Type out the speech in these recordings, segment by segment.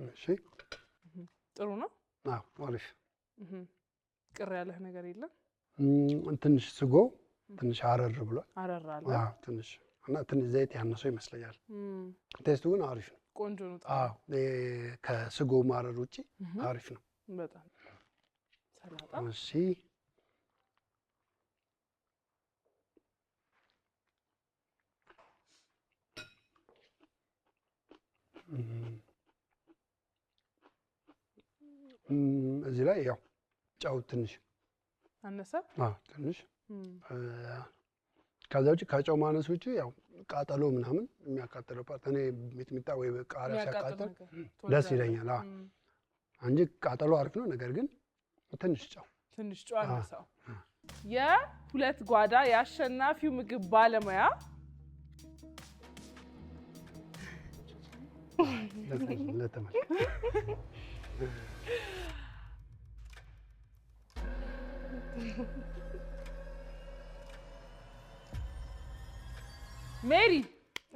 እሺ ጥሩ ነው። አዎ አሪፍ። ቅር ያለህ ነገር የለም? ትንሽ ስጎ ትንሽ አረር ብሏል። አረር አለ። አዎ ትንሽ እና ትንሽ ዘይት ያነሰው ይመስለኛል። ቴስቱ ግን አሪፍ ነው። ቆንጆ ነው። አዎ ከስጎ ማረር ውጪ አሪፍ ነው በጣም። ሰላጣ እሺ እዚህ ላይ ያው ጫው ትንሽ አነሰ ትንሽ። ከዛ ውጭ ከጨው ማነስ ውጭ ያው ቃጠሎ ምናምን የሚያቃጥለው ፓርት እኔ ሚጥሚጣ ወይ ቃሪያ ሲያቃጥል ደስ ይለኛል እንጂ ቃጠሎ አሪፍ ነው። ነገር ግን ትንሽ ጨው ትንሽ ጨው አነሳው። የሁለት ጓዳ የአሸናፊው ምግብ ባለሙያ ለተመልካቾች ሜሪ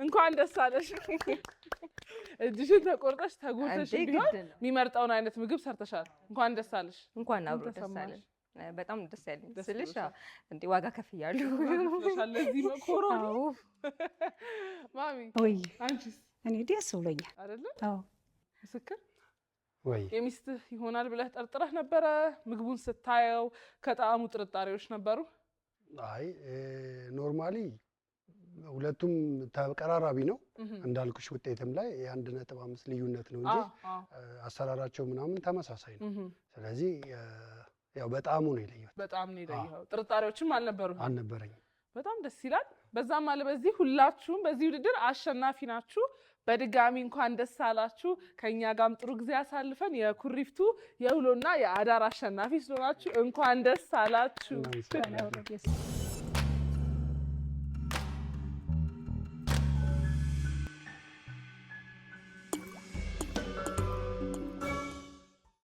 እንኳን ደስ አለሽ። እጅሽን ተቆርጠሽ ተጎተሽ ቢሆን የሚመርጠውን አይነት ምግብ ሰርተሻል። እንኳን ደስ አለሽ። እንኳን አብሮ ደስ አለን። በጣም ደስ ያለኝ ስልሽ እንዴ ዋጋ ከፍ እያሉ ለዚህ መኮረኒ ማሚ፣ አንቺስ? እኔ ደስ ብሎኛል። ምስክር የሚስትህ ይሆናል ብለህ ጠርጥረህ ነበረ? ምግቡን ስታየው ከጣዕሙ ጥርጣሬዎች ነበሩ? አይ ኖርማሊ ሁለቱም ተቀራራቢ ነው እንዳልኩሽ፣ ውጤትም ላይ የአንድ ነጥብ አምስት ልዩነት ነው እንጂ አሰራራቸው ምናምን ተመሳሳይ ነው። ስለዚህ ያው በጣም ነው የለየሁት። በጣም ነው የለየሁት። ጥርጣሬዎችም አልነበሩ አልነበረኝም። በጣም ደስ ይላል። በዛም አለ በዚህ ሁላችሁም በዚህ ውድድር አሸናፊ ናችሁ። በድጋሚ እንኳን ደስ አላችሁ። ከእኛ ጋም ጥሩ ጊዜ አሳልፈን የኩሪፍቱ የውሎና የአዳር አሸናፊ ስለሆናችሁ እንኳን ደስ አላችሁ።